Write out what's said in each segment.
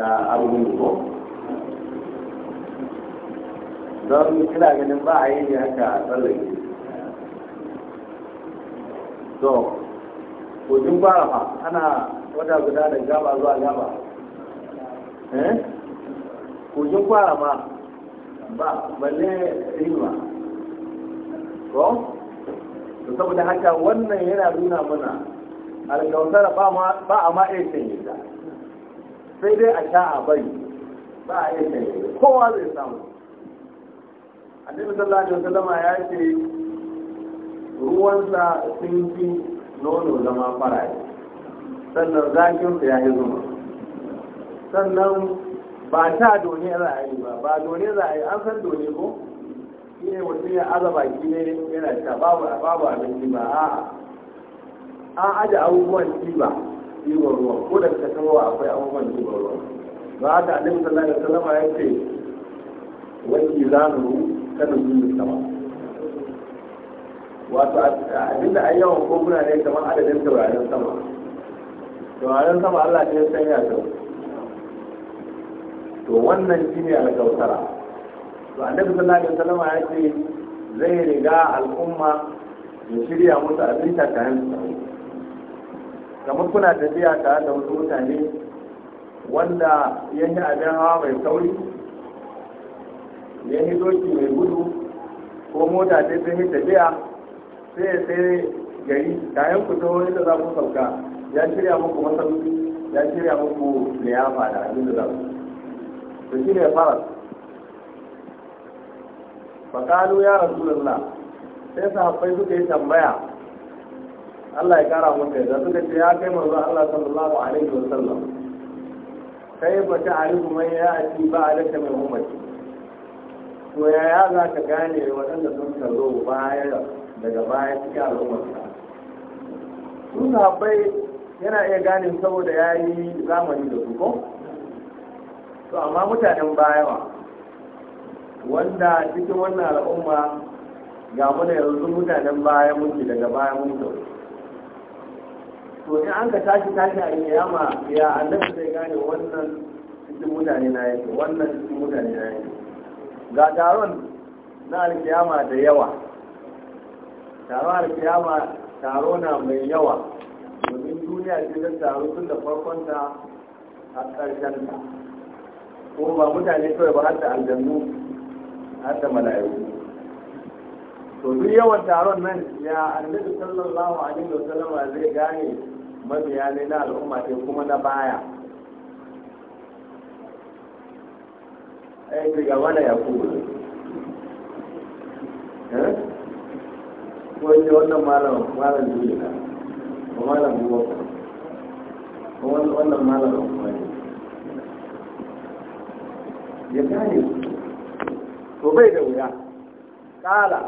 abubuwa ko don kira ganin ba a yi ne haka tsallake to jin bara ma ana wata guda da gaba zuwa gaba eh jin bara ma ba balle rima ko to saboda haka wannan yana nuna mana alkautar ba a ma iya canye ta sai dai a sha a bari ba a yi kai kowa zai samu annabi sallallahu alaihi wasallam ya ce ruwansa sun fi nono zama faraye sannan zakinsa ya yi zuma sannan ba ta doni za a yi ba ba doni za a yi an san doni ko shi ne wasu ya aza baki ne yana sha babu abinci ba a'a an aje abubuwan ci ba ɗiban ruwa ko da ta kawo akwai abubuwan ɗiban ruwa ba haka annabi sallallahu alaihi wasallam ya ce wani zanu kana yin sama wato abinda an yawan ko muna ne kamar adadin taurarin sama taurarin sama Allah ne ya sanya ta to wannan shine alkautara to annabi sallallahu alaihi wasallam ya ce zai riga al'umma ya shirya musu abin takarin su kamar kuna tafiya tare da wasu mutane wanda ya yi abin hawa mai sauri ya yi doki mai gudu ko mota ta sun yi tafiya sai ya sai gari kayan ku wani da za ku sauka ya shirya muku masarauti ya shirya muku liyafa da abin da za ku su shi ne faras fakalu ya rasu sai sahabbai suka yi tambaya Allah ya kara maka yadda suka ce ya kai manzo Allah sallallahu alaihi wa sallam. kai ba ta arifu man ya ci ba alaka min umarci to ya ya za ka gane waɗanda sun ka zo baya daga baya cikin al'ummarka sun sabai yana iya gane saboda ya yi zamani da su ko to amma mutanen baya ba wanda cikin wannan al'umma ga mu yanzu mutanen baya muke daga baya mun to in an ka tashi tashi a kiyama ya annabi zai gane wannan cikin mutane na yake wannan cikin mutane na yake ga taron na alkiyama da yawa taron alkiyama taro na mai yawa domin duniya ce zan taro tun da farkon ta a ƙarshen ta ko ba mutane kawai ba har da aljannu har da mala'iku to duk yawan taron nan ya annabi sallallahu alaihi wasallama zai gane mabiya ne na al'umma ne kuma na baya ai eh, daga wala ya kuma eh ko ce wannan malam malam duniya ko malam buwa ko wannan malam kuma ya gane to bai da wuya kala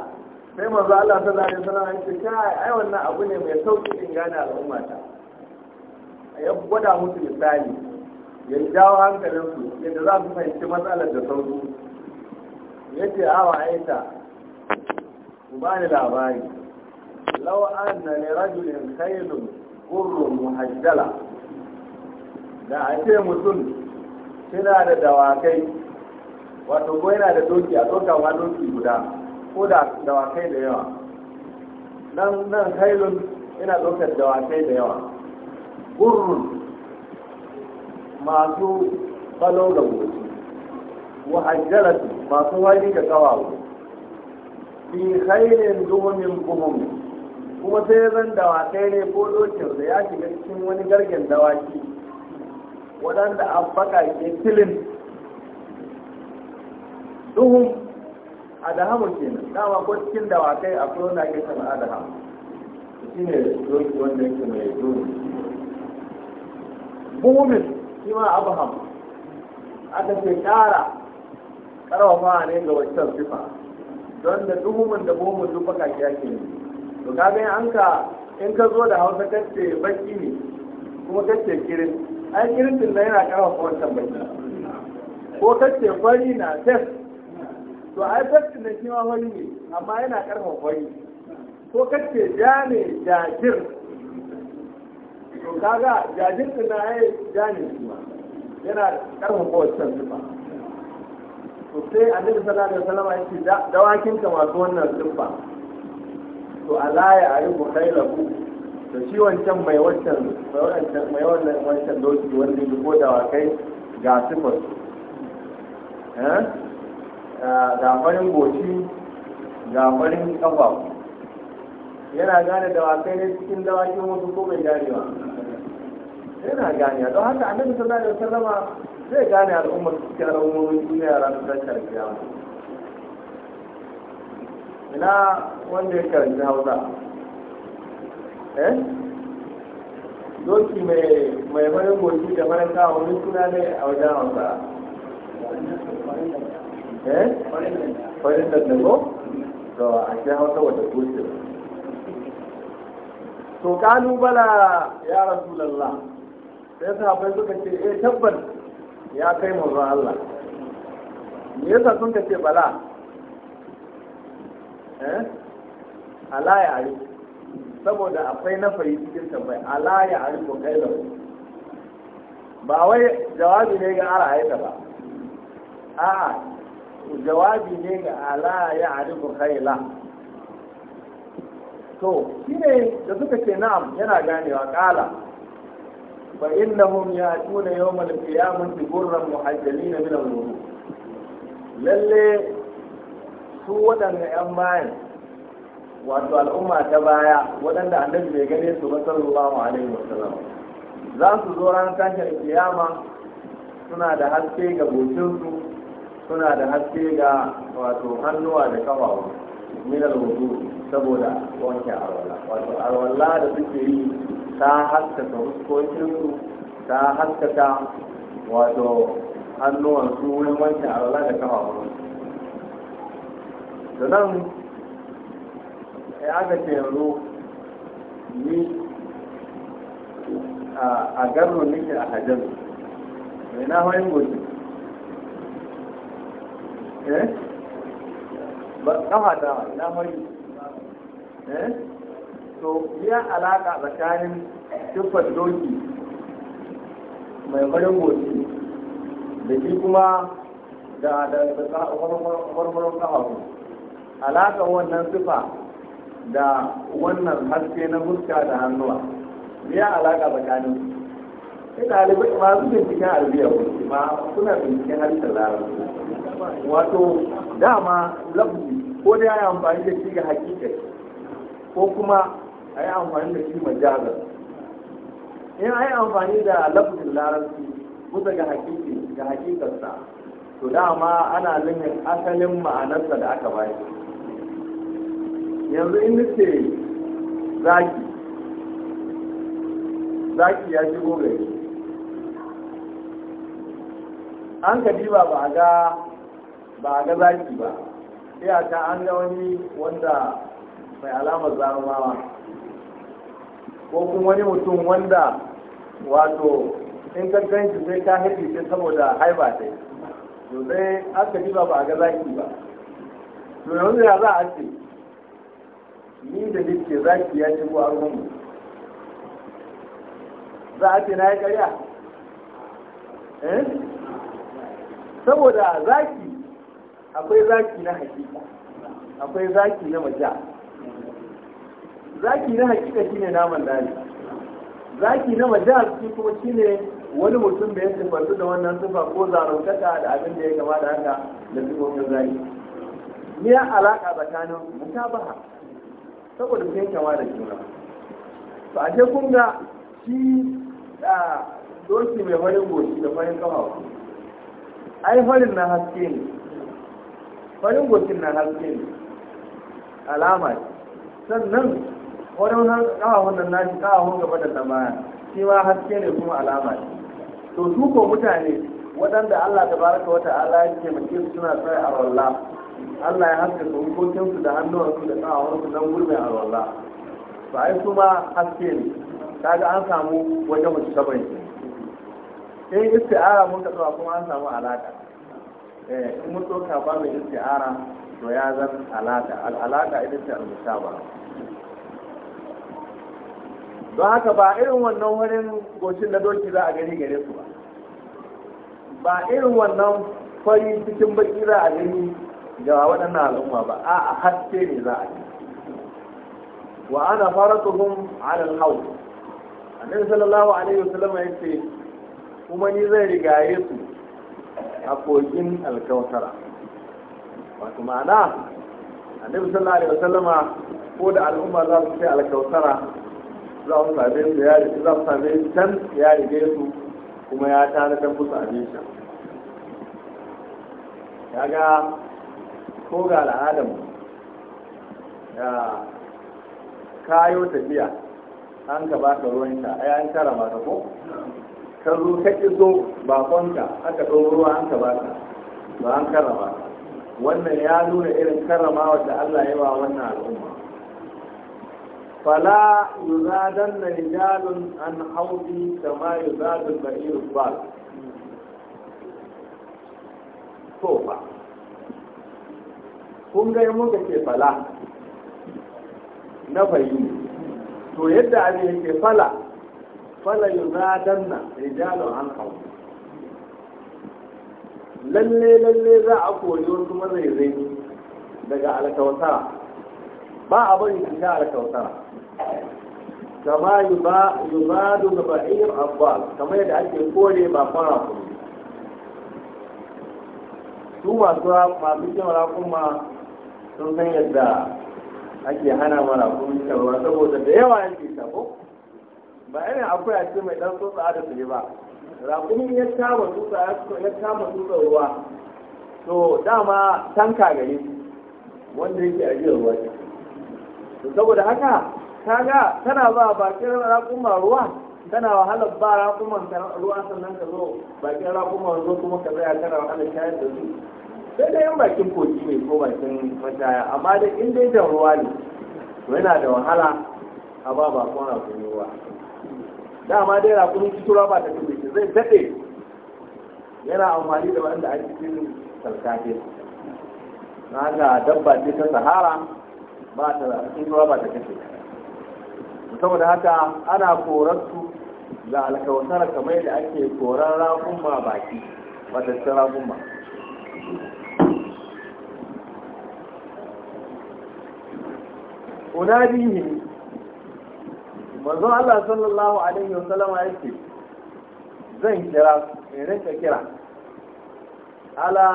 sai manzo Allah sallallahu alaihi wasallam ya ce kai ai wannan abu ne mai sauki in gane al'ummata ya gwada musu misali ya jawo hankalinsu yadda za su fahimci matsalar da sauri ya ce awa aita ku ba ni labari lawa an na ne rajulin kailun gurrun muhajjala da a ce mutum suna da dawakai wato ko yana da doki a ɗauka ma doki guda ko da dawakai da yawa nan nan kailun yana ɗaukar dawakai da yawa gurrun masu tsalo da wuce wa ajjalatu masu wani da kawawa fi khairin dumin kumum kuma sai zan dawa ɗaya ne ko dokin da ya shiga cikin wani gargen dawaki waɗanda an baka ke tilin duhun adahamu kenan dama ko cikin dawakai akwai wanda ake sana'a da hamu shi ne doki wanda yake mai duhun mumin shi ma aka ce ƙara ƙarfafa ne ga wancan sifa don da duhumin da mumin duk baka ki ake ne to kaga in an ka in ka zo da hausa kace baki ne kuma kace kirin ai kirin din yana ƙarfafa wancan baki ko kace fari na tef to ai baki da shi ma fari ne amma yana ƙarfafa fari ko kace ja ne jajir kaga jajirta na ya jani kuma yana karfafa wancan zuba to sai annabi sana da salama ya ce dawakin ka masu wannan zuba to a a yi arifu lafu to shi wancan mai wancan mai wannan wancan doki wanda ya ko dawakai ga sifar eh? ga farin goci ga farin kafa yana gane dawakai ne cikin dawakin wasu ko bai gane ba yana gane don haka annabi sallallahu alaihi wasallama zai gane al'ummar cikin al'ummomin duniya ranar tashar kiyama ina wanda ya karanci hausa eh doki mai mai marin goshi da marin kawo wani suna ne a wajen hausa eh farin da dago to a ce hausa wata goshi to kalubala ya rasulallah sai sahabbai suka ce eh tabbas ya kai manzo Allah me yasa sun ka ce bala eh ala ya ari saboda akwai na fari cikin tambayi ala ya ari ko kai lau ba wai jawabi ne ga ala aita ba a'a jawabi ne ga ala ya ari ko kai la to shine da suka ce na'am yana ganewa kala فإنهم يأتون يوم القيامة برا محجلين من الوضوء lalle su waɗanda 'yan bayan wato al'umma ta baya waɗanda annabi bai gane su ba sallallahu alaihi wasallam za su zo ran tashin kiyama suna da haske ga bocinsu suna da haske ga wato hannuwa da kafafu min al saboda wanke arwala wato arwala da suke yi ta haskaka su ta haskaka wato su wurin wancan alala da kama kafafunsu da nan ya ga ce yanzu ni a garno nake a hajjar mai na hawan goji eh ba kama, ta na hawan eh to biya alaka tsakanin siffar doki mai farin goci da shi kuma da marmarin kafafu alaka wannan siffa da wannan haske na fuska da hannuwa biya alaka tsakanin sai ke masu binciken arabiya ba suna binciken harshen larabci wato dama lafi ko da ya yi amfani da shi ga hakikai ko kuma a yi amfani da shi majazar in a amfani da lafazin larabci kusa ga hakiki ga hakikarsa to dama ana nuna asalin ma'anarsa da aka bayar. yanzu in nace zaki zaki ya shigo gari an ka diba ba a ga ba a ga zaki ba sai a ta an ga wani wanda mai alamar zarumawa ko kuma wani mutum wanda wato in ka gan shi sai ka hirgi sai saboda haiba dai to sai aka ji ba a ga zaki ba to yanzu ya za a ce ni da nake zaki ya shigo a ruwanmu za a ce na ya karya eh? saboda zaki akwai zaki na hakika akwai zaki na majiya zaki na hakika shine naman daji zaki na majal shi kuma ne wani mutum da ya sifantu da wannan sufa ko zarautaka da abin da ya gama da haka da sifofin zaki ni ya alaka tsakanin mutabaha saboda sun kama da juna to a je kun ga shi da doki mai farin goshi da farin kafa ai farin na haske ne farin goshin na haske ne alama sannan wani kawahun nan nashi kawahun gaba da baya shi ma haske ne kuma alama ne to su ko mutane waɗanda Allah ta baraka wata ala ya ce mutum suna tsaye a wallah Allah ya haske su hukokin su da hannuwansu da kawahun su don gurbin a wallah to ai su ma haske ne kaga an samu wajen mutu sabai in isti'ara mun ka kuma an samu alaka eh, in mun tsoka ba mai isti'ara to ya zan alaka al'alaka ita ce al-musabara don haka ba irin wannan wurin gocin na doki za a gani gare su ba ba irin wannan fari cikin baki za a gani ga waɗannan al'umma ba a a haske ne za a gani wa ana faratuhum ala al hau? annabi sallallahu alaihi wasallam ya ce kuma ni zai rigaye su a kogin alkautara wato ma'ana annabi sallallahu alaihi wasallama ko da al'umma za su ce alkautara za su same su ya rike za su same su can ya rike su kuma ya tare da musu abinci kaga ko ga al'adam ya kayo tafiya an ka ka ruwan ta a yayin tara ta ko ka zo ka iso bakonka aka ɗau ruwa an ka ta, ba an karama wannan ya nuna irin karrama wata Allah ya ba wannan al'umma fala yuzadan na rijalun an haufi kama yuzadun da irin ba to kun ga muka ke fala na bayyana to yadda abin ke fala fala yuzadan na rijalun an haufi lalle lalle za a koyi wasu mazaizai daga alkawtara ba a bari su sha alkawtara kama yubadu ga ba'ir abbas kamar yadda ake kore ba fara kuma su masu masu cin rakuma sun san yadda ake hana mara kuma cewa saboda da yawa yake tafo ba irin akwai a ce mai dan tsotsa da su ba rakumin ya kama tsotsa ya kama tsotsa ruwa to dama tanka gari wanda yake ajiyar ruwa saboda haka kaga tana ba bakin raƙuma ruwa tana wahalar ba raƙuman ruwa sannan ka zo bakin raƙuma zo kuma ka tsaya tana wahala shayar da su sai dai yan bakin koki ne ko bakin mashaya amma dai in dai jan ruwa ne yana da wahala a ba bakon raƙumi ruwa dama dai raƙumin kitura ba ta tube shi zai daɗe yana amfani da wanda a cikin sarkafe na ga dabba ce ta sahara ba ta ruwa ba ta kashe saboda haka ana korarsu ga alkawatar kamar da ake korar ma baki matattar rakunma ne mazan Allah sallallahu alaihi wasallama yake zan kira in rinka kira ala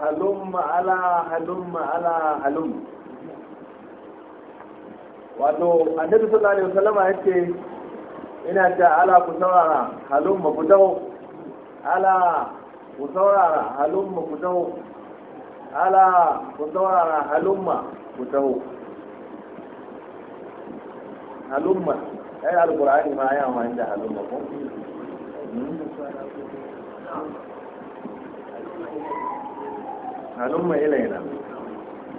halumma ala halumma ala halumma wato annabi sallallahu alaihi wasallama yace ina ta ala ku saurara halum ku ala ku saurara halum ku dawo ala ku saurara halumma ku dawo halumma ai alqur'ani ma ya ma inda ko hmm? ilaina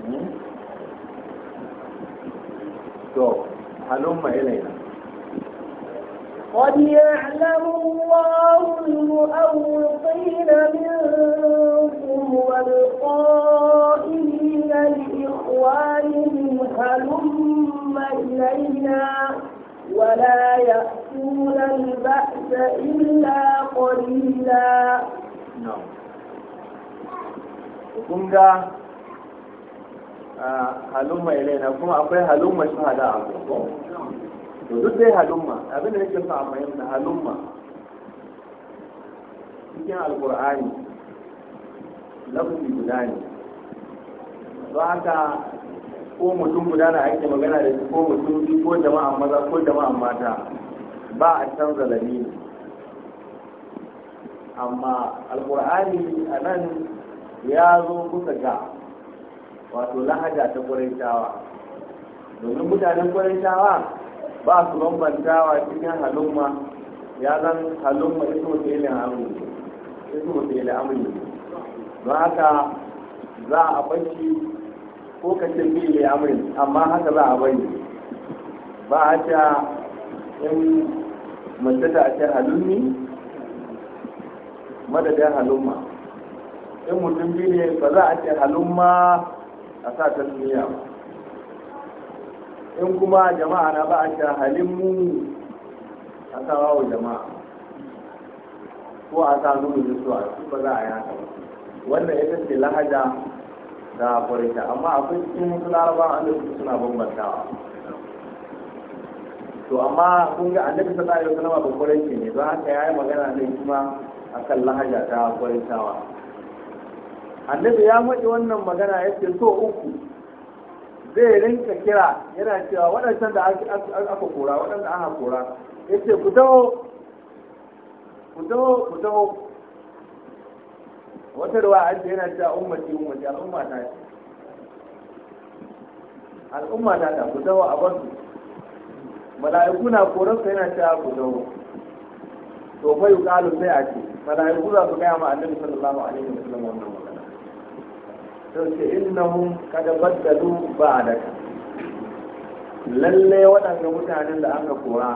hmm? to halumma ilaina قد يعلم الله المؤوقين منكم والقائلين لإخوانهم هلم إلينا ولا يأتون البأس إلا قليلا. نعم. halumma ilaina kuma akwai halumma shahada a to duk dai halumma abin da nake so a fahimta halumma cikin alkur'ani lafazi guda ne don haka ko mutum guda na ake magana da ko mutum ko jama'a maza ko jama'a mata ba a canza lamini amma alkur'ani a nan ya zo kusa ga wato lahaja ta kwarantawa domin mutanen kwarantawa ba su bambantawa cikin halumma ya zan halumma ismu amu amri ismu amu ne don haka za a bashi ko ka ce fi'ilin amu amma haka za a bari ba a ta in mace ta ce halumma madadin halumma in mutum biyu ne ba za a ce halumma a sa ta duniya in kuma jama'a na ba a sha halin mu a sa wawo jama'a ko a sa nuna da su ba za a yi haka wannan ya tafi lahaja da kwarita amma akwai cikin wasu laraba su suna bambantawa to amma kun ga annabi sallallahu alaihi wasallam ba kwarita ne don haka yayi magana ne kuma akan lahaja ta kwaritawa annabi ya faɗi wannan magana ya ce so uku zai rinka kira yana cewa waɗancan da aka kora waɗanda aka kora ya ce ku taho ku taho ku taho wata ruwa an yana cewa ummati ummati al'umma ta al'umma ta ta ku taho a basu mala'iku na koransa yana cewa ku taho to fa yuqalu sai a ce mala'iku za su gaya ma annabi sallallahu alaihi wasallam wannan magana sun ce innahum kada baddalu ba'daka lalle waɗanda mutanen da aka kora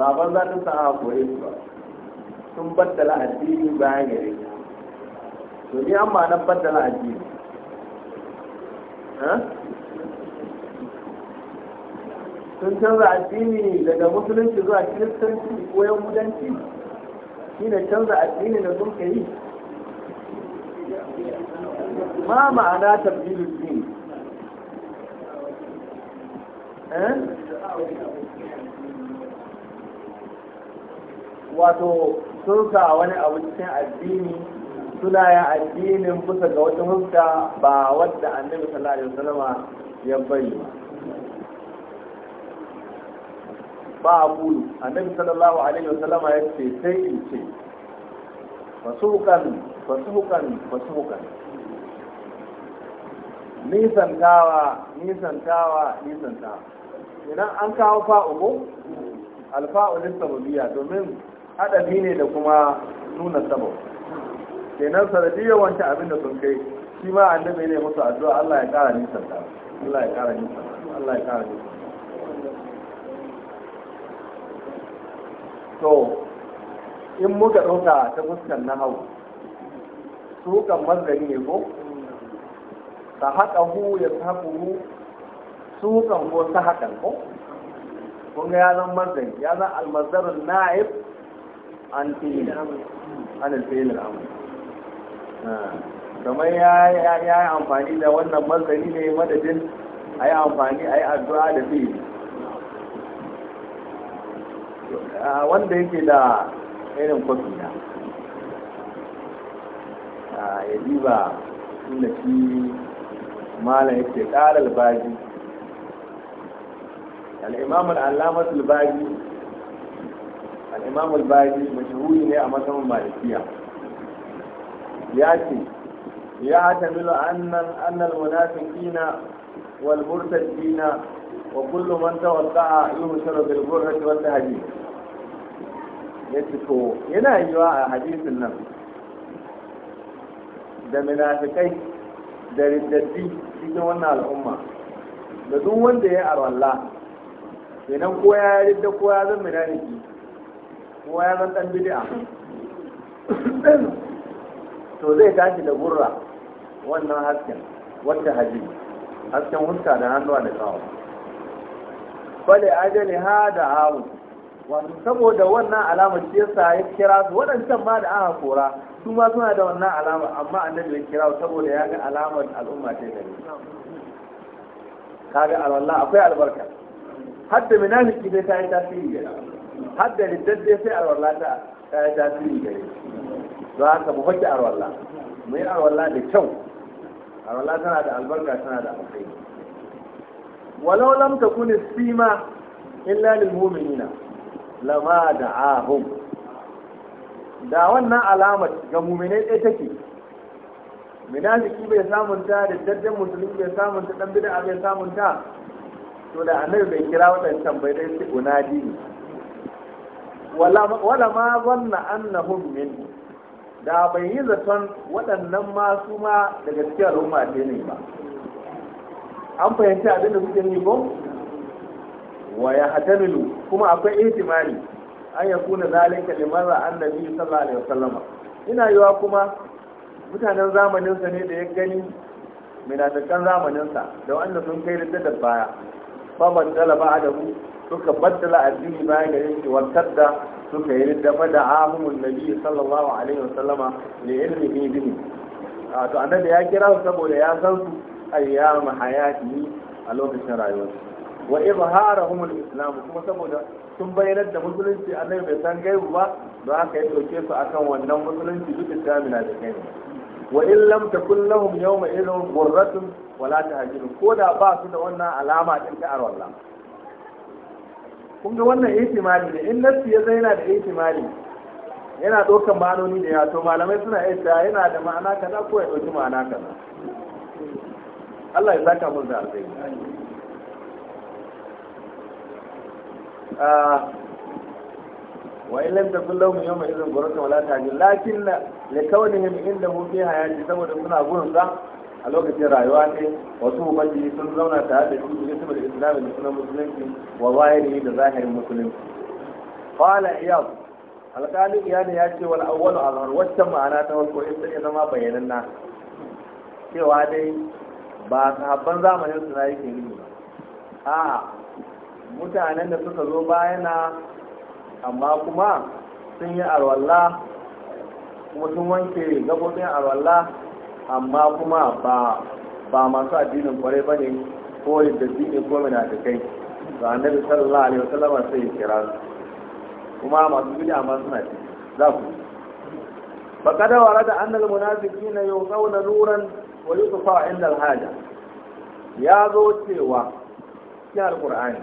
ba ban za ta sa'a kore su ba sun baddala addini bayan gare ta to ni an ma na baddala addini sun canza addini daga musulunci zuwa kiristanci ko yahudanci shi ne canza addini da sun yi. ما معنى تبديل الدين wato sun sa wani abu cikin addini suna yin addinin bisa ga wata huska ba wadda annabi sallallahu alaihi wasallam ya bari ba ba a kulu annabi sallallahu alaihi wasallam ya ce sai in ce fasuhukan fasuhukan fasuhukan nisantawa nisantawa nisantawa idan an kawo fa'ugo alfa'u biya. domin haɗabi ne da kuma nuna sabab kenan sanadiyar wancan abin da sun kai shi ma an annabi ne musu addu'a Allah ya ƙara nisanta Allah ya ƙara nisanta Allah ya ƙara nisanta to in muka ɗauka ta fuskar na hau su kan mazgari ne ko hu ya hu, sahaquhu sukan ko haka ko kun ga ya zan mazan ya zan almazar na'ib an fi'il an al-fi'il al-amr ah, kamar ya yi amfani da wannan mazari ne madadin a yi amfani a yi addu'a da fi'il ah, wanda yake da irin kwafi na ah, ya diba inda shi malam yake ƙara albaji al'imam al'allamat albaji al'imam albaji mashahuri ne a matsayin malikiya ya ce ya tamilu annan annal munafiqina wal kina wa kullu man tawassa'a yuhsharu bil ghurrati wal hadid yace to yana yiwa a hadisin nan da munafikai da riddafi cikin wannan al'umma da duk wanda ya arwalla kenan ko ya ridda ko ya zan munafiki ko ya zama dan bid'a to zai tashi da gurra wannan hasken wata haji hasken huska da hannuwa da kawo fale ajali ha da wato saboda wannan alamar shi yasa ya kira su waɗancan ma da aka kora su ma suna da wannan alamar amma annabi ya kira su saboda ya ga alamar al'umma ta gari kaga alwallah akwai albarka hadda munafiki dai ta yi tasiri gari hadda dai sai alwallah ta yi tasiri gari don haka mu fake alwallah mu yi alwallah da kyau alwallah tana da albarka tana da alkhairi walau lam takuni sima illa lil mu'minina lama da ahun. da wannan alamar ga mummune ɗaya take munafiki bai samunta da daddan musulmi bai samunta dan bid'a bai samunta to da annabi bai kira waɗancan bai da su unadi ne wala ma zanna annahum min da bai yi zaton waɗannan ma su ma daga cikin al'umma ne ba an fahimci abin da kuke yi ko wa ya hatamilu kuma akwai ihtimali an ya kuna zalika liman ra'a annabi sallallahu alaihi wasallama ina yiwa kuma mutanen zamanin sa ne da ya gani minatakan zamanin sa da wanda sun kai da baya fa baddala ba'dahu suka baddala addini bayan gare shi da suka yi riddafa da ahumun nabi sallallahu alaihi wasallama da ilmi bihi to annabi ya kira su saboda ya san su ayyamu hayati a lokacin rayuwarsu wa izharahum al-islam kuma saboda sun bayyanar da musulunci annabi bai san gaibu ba don haka yi dauke su akan wannan musulunci duk islamina da gaibu wa in lam takun lahum yawma idhin ghurratun wala tahjirun ko da ba su da wannan alama din ta arwalla kun ga wannan ihtimali ne in nafsi ya zaina da ihtimali yana ɗaukar ma'anoni da yato malamai suna iya yana da ma'ana kaza ko ya ɗauki ma'ana kaza Allah ya saka mun da alƙairi وإن لم تكن لهم يوم إذن قررت ولا تعجل لكن لكونهم عنده في حياتي سبب سنة أقول ذا a lokacin rayuwa ne wasu ubangi sun zauna tare da shi ne saboda islami da sunan musulunci wa zahiri da zahirin musulunci qala iyad alqali iyad ya ce wal awwalu azhar ma'ana ta farko in take zama bayananna cewa dai ba sahabban zamanin su na yake yi ba a'a mutanen da suka zo bayana amma kuma sun yi alwala kuma sun wanke gabobin alwala amma kuma ba ba masu addinin kwarai ba ne ko yadda ne ko kai ga annabi sallallahu alaihi wasallam sai ya kira su kuma masu gudu ma suna ci za ku faqad warada anna na yau yuzawna nuran su yutfa inda alhaja ya zo cewa cikin Alƙur'ani.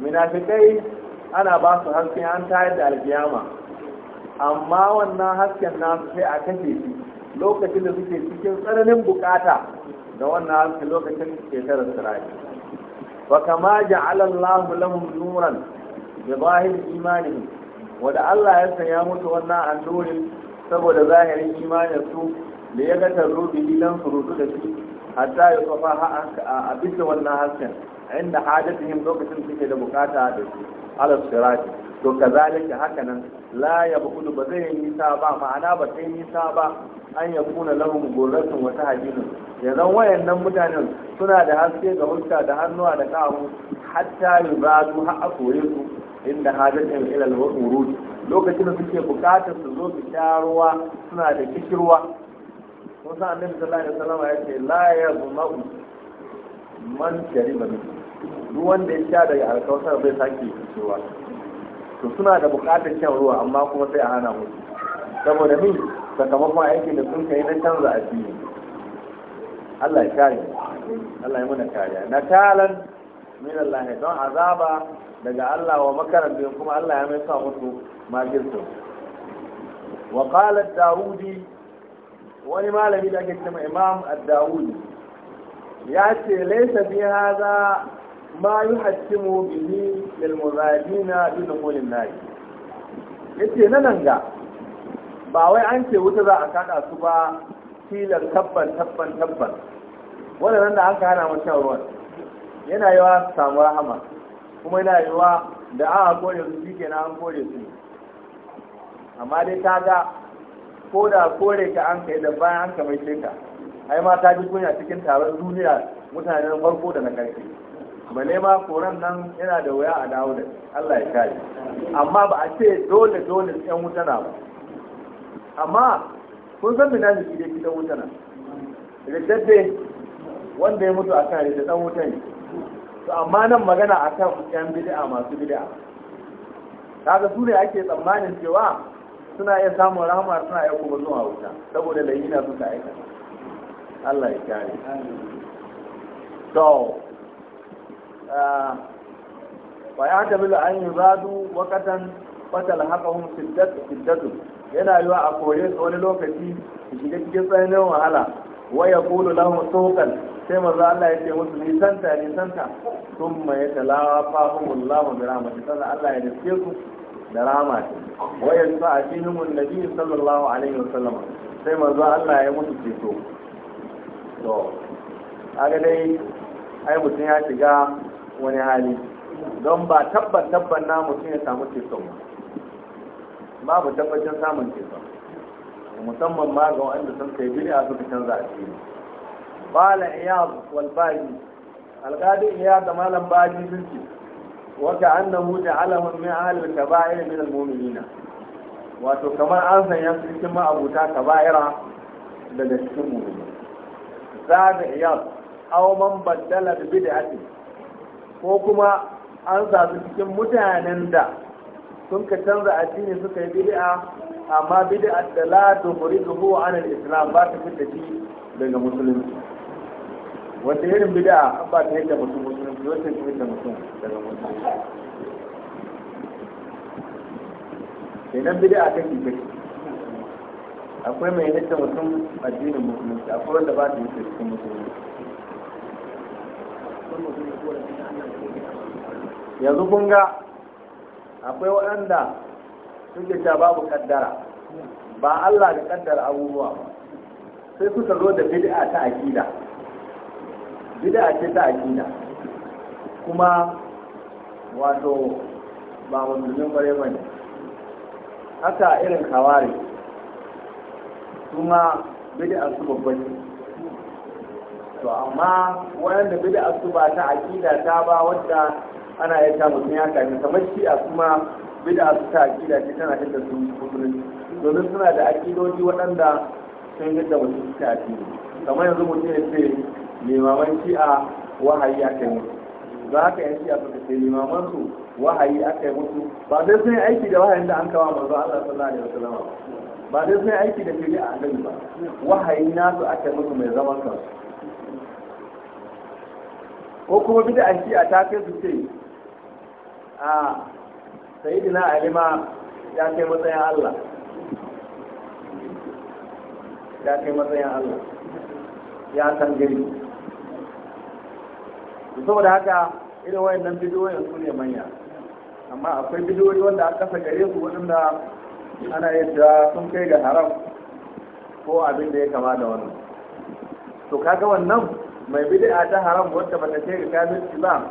munafikai ana ba su haske an tayar da alkiyama amma wannan hasken nasu sai a kashe shi lokacin da suke cikin tsananin bukata da wannan haske lokacin shekarar sirai wa kama ja'ala Allahu lahum nuran bi zahir imanihim wanda Allah ya sanya mutu wannan annurin saboda zahirin imaninsu su da ya ga tarrubi dan su da shi hatta ya kafa a bisa wannan hasken inda hajatihim lokacin suke da bukata da su ala sirati to kazalika hakanan la yabqudu ba zai nisa ba ana ba sai nisa ba an ya kuna lahum gurratun wa tahjinun yanzu wayannan mutanen suna da haske ga hulka da hannuwa da kawo hatta yubadu ha a su inda hajatihim ila al-wurud lokacin da suke bukatar su zo su sha suna da kishirwa kun san annabi sallallahu alaihi wasallam ya ce la yazma'u man shariba ne duk wanda ya sha daga alkawar bai sake fitowa to suna da bukatar shan ruwa amma kuma sai a hana mu saboda min sakamakon aikin da sun kai na canza addini Allah ya kare Allah ya muna kariya na talan min Allah don azaba daga Allah wa makarantun kuma Allah ya mai sa musu magirsu wa qala dawudi wani malami da ake cewa imam ad-dawudi ya ce laisa bi hada ma yuhaddimu bihi lil muzadina bi dukhulin nar yace nan ga ba wai an ce wuta za a kada su ba filan tabban tabban tabban wannan da aka hana mu shan yana yawa samu rahama kuma yana yawa da aka kore su shike na an kore su amma dai kaga ko da kore ka an kai da bayan an kamar ka ai ma ta ji kunya cikin taron duniya mutanen farko da na ƙarfi ne ma koran nan yana da wuya a dawo da Allah ya kare amma ba a ce dole dole yan wuta na ba amma kun san mina ne ki da wuta na riddadde wanda ya mutu a kan da dan wuta ne to amma nan magana a kan yan bid'a masu bid'a kaga su ne ake tsammanin cewa suna iya samun rahama suna iya kuma zuwa wuta saboda na suka aikata Allah ya kare to fa ya ta bila an yuzadu waqatan fatal haqahum siddatu siddatu yana yiwa a kore su wani lokaci su shiga cikin tsananin wahala wa kulu lahu suqan sai maza Allah ya ce musu nisanta nisanta thumma yatalafahumullahu bi rahmatihi sannan Allah ya dace su da rama Wai wa sa a cikin nabi sallallahu alaihi wasallam sai maza Allah ya musu ceto to aga dai ai mutum ya shiga wani hali don ba tabbat tabbat na mutum ya samu ceton ba babu tabbacin samun ceton musamman ma ga wanda sun kai a suka canza addini Bala iya wal baji alqadi iya da malam baji wata an da annahu alamun min ahli al iya min al-mu'minina wato kamar an sanya su cikin ma'abuta ba'ira daga cikin mu'mini sami iyas aw man baddala bi bid'ati ko kuma an samu cikin mutanen da sun ka canza addini suka yi bid'a amma bid'a da la tukhrijuhu an al-islam ba ta fita shi daga musulunci wanda irin bid'a ba ta yadda mutum musulunci wanda ta yadda mutum daga musulunci idan bid'a ke kake akwai mai nufin mutum addinin musulunci akwai wanda ba su yi cikin musulunci yanzu kun ga akwai waɗanda suke ta babu kaddara ba Allah da kaddara abubuwa ba sai suka zo da bid'a ta akida bid'a ce ta akida kuma wato ba musulmin bare bane haka irin kawari Kuma ma bid'a su babban to amma waɗanda bid'a su ba ta aƙida ta ba wadda ana yi ta mutum ya kai kamar shi a kuma bid'a su ta aƙida ce tana da su musulunci domin suna da aƙidodi waɗanda sun da mutum ta aƙida kamar yanzu mutum ya ce limaman shi'a wahayi a kai za ka yi shi'a suka ce limaman su wahayi a kai musu ba sai sun yi aiki da wahayin da an kawo manzo Allah sallallahu alaihi wasallam ba zai sai aiki da fili a nan ba wahayi su ake musu mai zaman kansu ko kuma bid'a aiki a kai su ce a sayyidina alima ya kai matsayin Allah ya kai matsayin Allah ya san gari saboda haka irin wayannan bidiyoyin su ne manya amma akwai bidiyoyi wanda aka kasa gare su waɗanda ana iya cewa sun kai ga haram ko abin da ya kama da wannan to kaga wannan mai bid'a ta haram wacce bata kai ga kafirci ba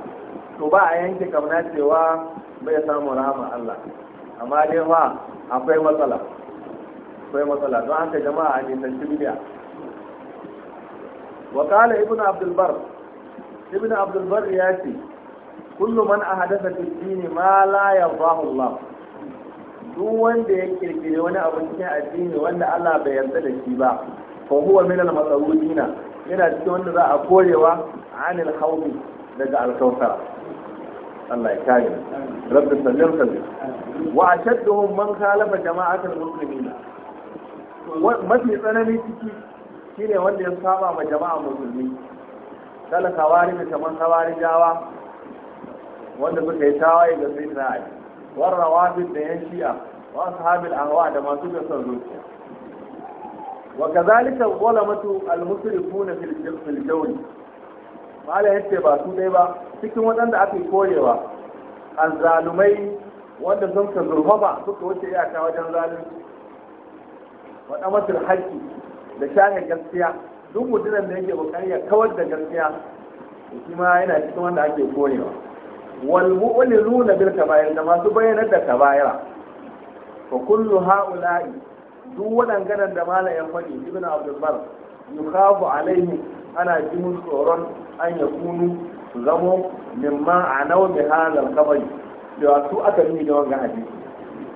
to ba a yanke kamna cewa bai samu rahama Allah amma dai ma akwai matsala akwai matsala don haka jama'a a nisanci bid'a wa kala ibn abdul bar ibn abdul ya ce kullu man ahadatha fi dini ma la yardahu Allah duk wanda ya kirkiri wani abu cikin addini wanda Allah bai yarda da shi ba fa huwa min al masarudina yana cikin wanda za a korewa anil hawmi daga alkautar Allah ya kare rabbi sallim sallim wa ashadduhum man khalafa al muslimin mafi tsanani ciki shine wanda ya saba ma jama'a musulmi kala kawari da kaman kawari jawa wanda suka yi tawaye da sai Ali warra wafin da yan shi'a wasu habil ahawa da masu da son zuciya wa kazalika wala al almusrifu na fil jawi mala yace ba su dai ba cikin wadanda ake korewa zalumai wanda sun ka zurfa ba suka wuce iyaka wajen zalunci wa damatul haqqi da shahe gaskiya duk mutumin da yake bukari ya kawar da gaskiya shi ma yana cikin wanda ake korewa wal mu'liluna bil kaba'ir da masu bayyana da kaba'ira fa kullu ha'ula'i duk waɗannan da malayan faɗi ibnu abdul bar yukhafu alaihim ana ji musu tsoron an ya kunu su zamo mimma a nau da halar kabari da wasu aka nuni da wanga hadisi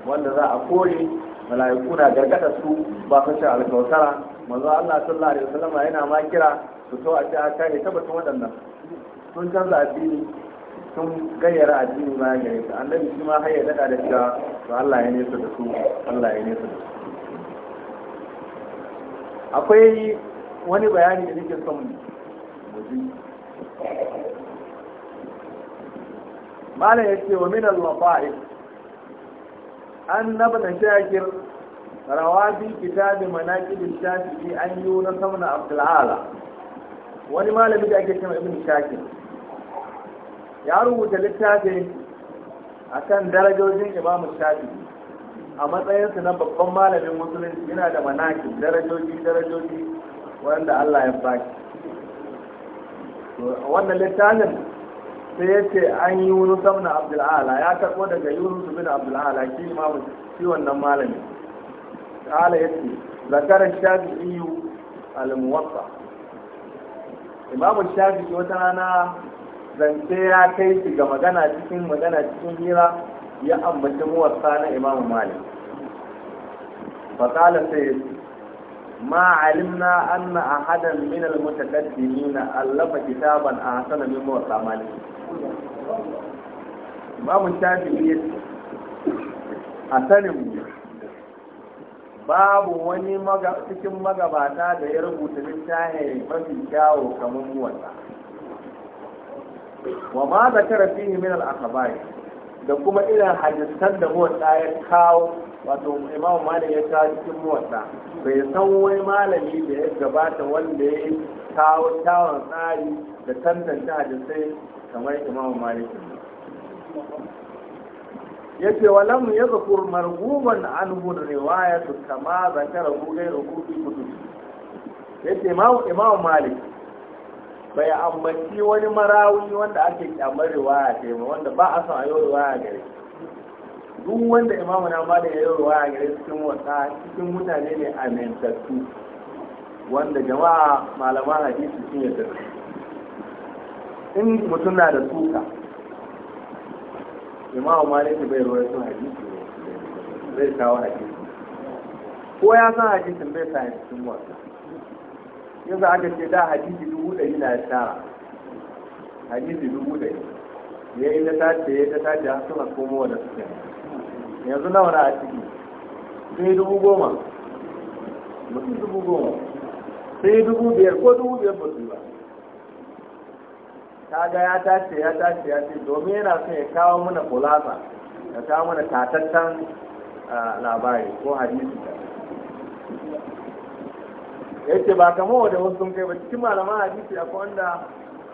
wanda za a kore mala'iku na gargada su ba su shan alkautara manzo Allah sallallahu alaihi wasallam yana ma kira su to a ce a kare waɗannan sun canza addini sun gayyara addini bayan gare su annabi shi ma har ya daɗa da cewa to Allah ya nesa da su Allah ya nesa da su akwai wani bayani da nake son mu ji malam ya ce wa min al wafai an da shakir rawa fi kitab al shafi'i an yunus ibn abdul ala wani malami da ake cewa ibn shakir ya rubuta littafi a kan darajojin Imam shafi a matsayinsu na babban malamin musulunci yana da manaki darajoji darajoji wanda allah ya baki wannan littafin sai ya ce an yi yunus na abdul'ala ya karɓo daga yunus bin abdul'ala shi imamu shi wannan malami ala ya ce zakarar iyu al-muwatta imamu shafi wata rana zance ya kai shi ga magana cikin magana cikin hira ya ambaci muwassa na imamu malik fasala sai ma alimna anna ahadan min almutaqaddimin allafa kitaban ahsana min muwassa malik imamu shafi'i a sanin babu wani cikin magabata da ya rubuta littafin mafi kyawo kamar muwassa wa ma zakara fihi min al da kuma irin hadisan da muwatta ya kawo wato imam malik ya kawo cikin muwatta bai san wai malami da ya gabata wanda ya kawo tawan tsari da tantance hadisai kamar imam malik Ya ce yace walam yadhkur marhuban anhu riwayatu kama zakara ghayru kutubi ya ce imam malik bai ambaci wani marawi wanda ake kyamar riwaya ce ba wanda ba a son a yi riwaya gare duk wanda imamu na malik ya yi riwaya gare cikin wata cikin mutane ne a amintattu wanda jama'a malaman hadisi sun yi in mutum na da suka imamu ne bai rawaito hadisi zai kawo hadisi ko ya san hadisin bai sa cikin wata yanzu aka ce da hadisi dubu ɗari na ya tara hadisi dubu ɗari ya yi ta tace ya ta tace har suna komo wanda suke yanzu nawa na a ciki sai dubu goma mutum dubu goma sai dubu biyar ko dubu biyar ba su ba ta ga ya tace ya tace ya ce domin yana son ya kawo mana kulasa ya kawo mana tatattan ah, labari ko hadisi yace ba kamar da wasu sun kai ba cikin a hadisi akwai wanda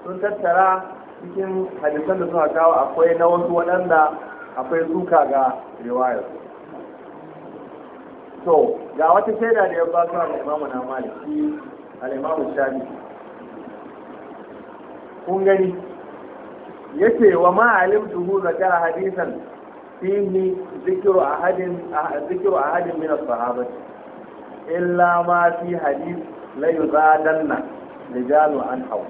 sun tattara cikin hadisan da suka kawo akwai na wasu waɗanda akwai suka ga riwaya. So, ga wata shaida da ya ba su imamu na maliki al'imamu shafi kun gani yace wa ma alimtuhu zakara hadisan fihi zikru ahadin zikru ahadin min as-sahabati illa ma fi hadis la yuzadanna rijalu an hawu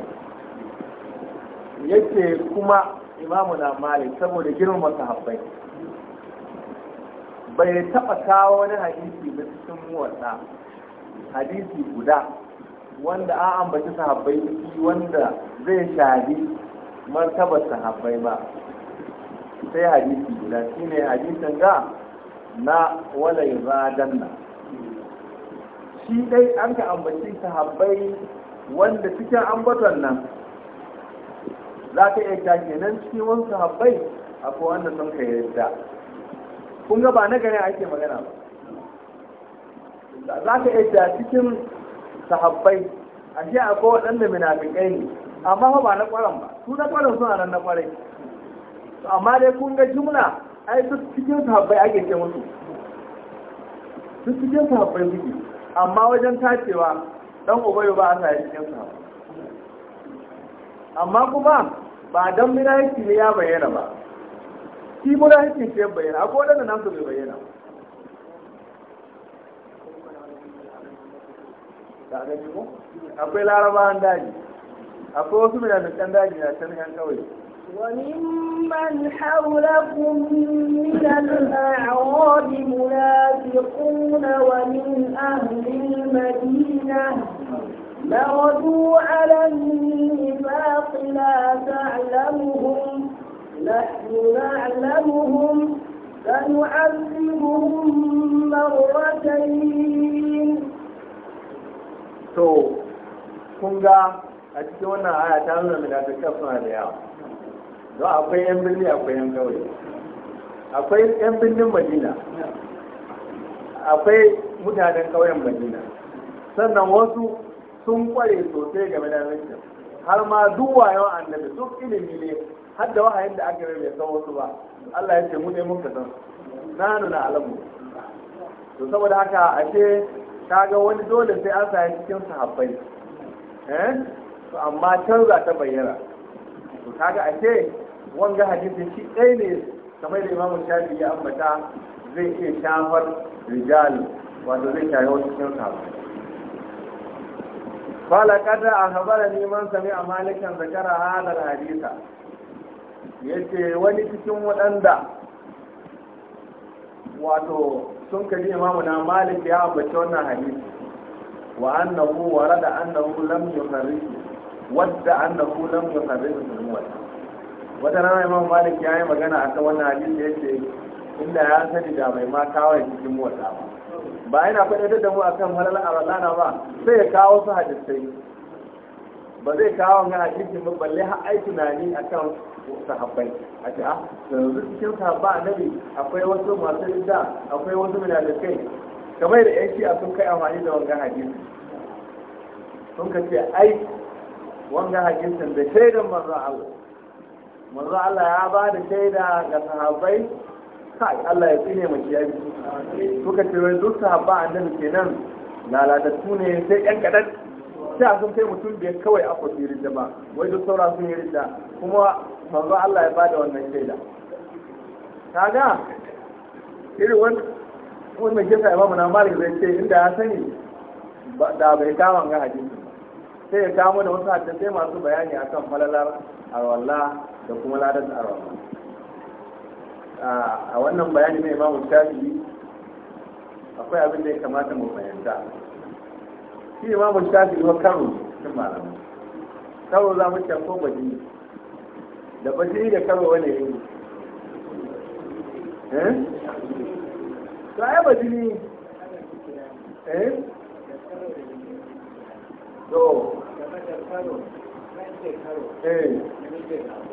yake kuma imamu na malik saboda girmama sahabbai bai taba kawo wani hadisi ba cikin wata hadisi guda wanda an ambaci sahabbai ciki wanda zai shahadi martabar sahabbai ba sai hadisi guda shine hadisin ga na wala yuzadanna shi dai an ka ambaci sahabbai wanda cikin ambaton nan za ka iya ta kenan cikin wasu sahabbai akwai wanda sun ka yarda kun ga ba na gane ake magana ba za ka iya ta cikin sahabbai shi akwai waɗanda munafiƙai ne amma ba na ƙwaron ba su na ƙwaron suna nan na ƙwarai amma dai kun ga jumla ai duk cikin sahabbai ake ce musu duk cikin sahabbai suke amma wajen tacewa dan ubayu ba sa cikin sa amma kuma ba dan munafiki ne ya bayyana ba shi munafiki ya bayyana akwai wadanda nan su bai bayyana akwai larabawan daji akwai wasu mai daji na can yan kawai وممن حولكم من الأعراب منافقون ومن أهل المدينة مردوا على النفاق لا تعلمهم نحن نعلمهم سنعذبهم مرتين to kun ga a cikin wannan aya ta nuna munafikan suna da yawa don akwai 'yan birni akwai 'yan kawai akwai 'yan birnin madina akwai mutanen kauyen madina sannan wasu sun kware sosai game da rikin har ma duk wayon annabi duk ilimi ne har da wahayin da aka rabe san wasu ba Allah ya ce mu ne ka san na alamu to saboda haka ashe kaga wani dole sai an sai cikin sahabbai eh to amma canza ta bayyana to kaga ashe wanga hadisi shi ɗaya ne kamar da imamu shafi ya ambata zai iya shafar rijal wato zai shafi wasu cikin sahabbai قال قد أخبرني من سمع مالكا ذكر halar الحديث yace wani cikin waɗanda wato sun kaji imamu na malik ya ambaci wannan hadisi wa annahu warada annahu lam yukharrij wadda annahu lam sun yi wata wata rana imam malik ya yi magana a kan wannan hadisi ya ce inda ya sani da mai ma kawai cikin motsa ba ba yana faɗaɗa da mu a kan halal rana ba sai ya kawo su hadisai ba zai kawo ga hadisi ba balle har ai tunani a kan sahabbai a ce a ah, sanarwar cikin sahabba annabi akwai wasu masu ridda akwai wasu minalikai kamar da yanki a sun kai amfani da wangan hadisi sun ka ce ai wangan hadisin da shaidan manzon Allah manzo Allah ya ba da shaida ga sahabbai kai Allah ya tsine mu kiyaye Kuka ce wai duk sahabba annabi kenan lalatattu ne sai ɗan kadan sai sun kai mutum biyar kawai a kwafi ridda ba wai duk saura sun yi ridda kuma manzo Allah ya ba da wannan shaida kaga irin wani wani mai kisa imamu na malik zai ce inda ya sani da bai kama ga hadisi sai ya kama da wasu hadisai masu bayani akan falalar alwala da kuma ladan arawa a wannan bayani mai imamu shafi akwai abin da ya kamata mu fahimta shi imamu shafi wa karo cikin malamu karo za mu ce ko baji da baji da karo wani yi eh to ai baji ne eh to eh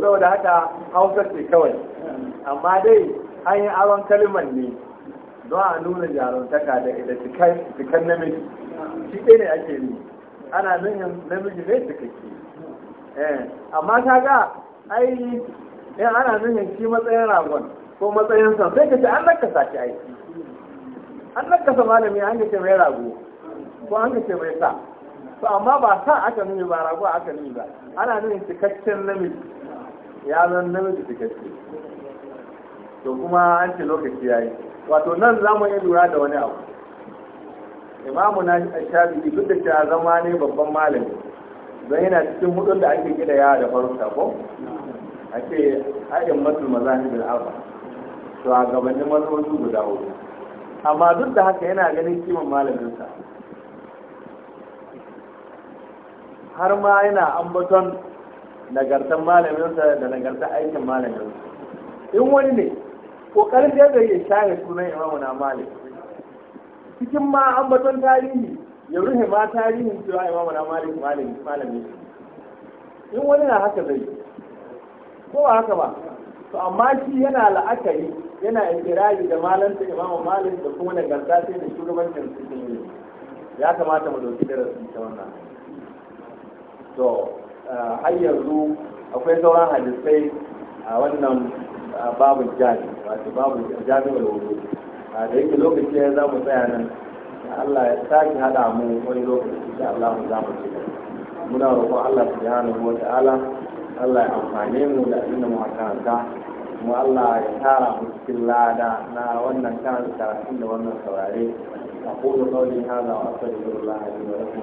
saboda haka Hausar ce kawai amma dai an yi aron kalmar ne don a nuna jarumtaka da da cikan namiji shi ɗaya ne ake ne ana nuhin namiji ne kake eh, amma ta ga ai in ana nuhin shi matsayin ragon ko matsayin san sai ka ce an nakasa shi aiki an sa malami an ce mai rago ko an ce mai sa to amma ba sa aka nuni ba rago aka nuni ba ana nufin cikakken namiji ya zan namiji cikakke to kuma an ce lokaci ya yi wato nan za mu iya lura da wani abu imamu na shafi duk da cewa zama ne babban malami don yana cikin hudun da ake gida yawa da farauta ko ake ayin mazani bin alba to a gabanin mazoji guda hudu amma duk da haka yana ganin kiman malaminsa har ma yana ambaton nagartan malaminsa da nagartan aikin malaminsa in wani ne kokarin da ya share sunan imamu na malik cikin ma ambaton tarihi ya ruhe ma tarihin cewa imamu na malik malami in wani na haka zai ko ba haka ba to amma shi yana la'akari yana ikirari da malanta imamu malik da kuma nagarta sai da shugabancin cikin ya kamata mu dauki darasi ta wannan to har yanzu akwai sauran hadisai a wannan babu jami wato babu jami da wuri da yake lokaci ya za mu tsaya nan Allah ya sake haɗa mu wani lokaci da Allah mu za mu ci muna roƙon Allah subhanahu wa ta'ala Allah ya amfane mu da abin da mu karanta mu Allah ya tara mu cikin lada na wannan kan karatun da wannan saurare أقول قولي هذا وأستغفر الله لي ولكم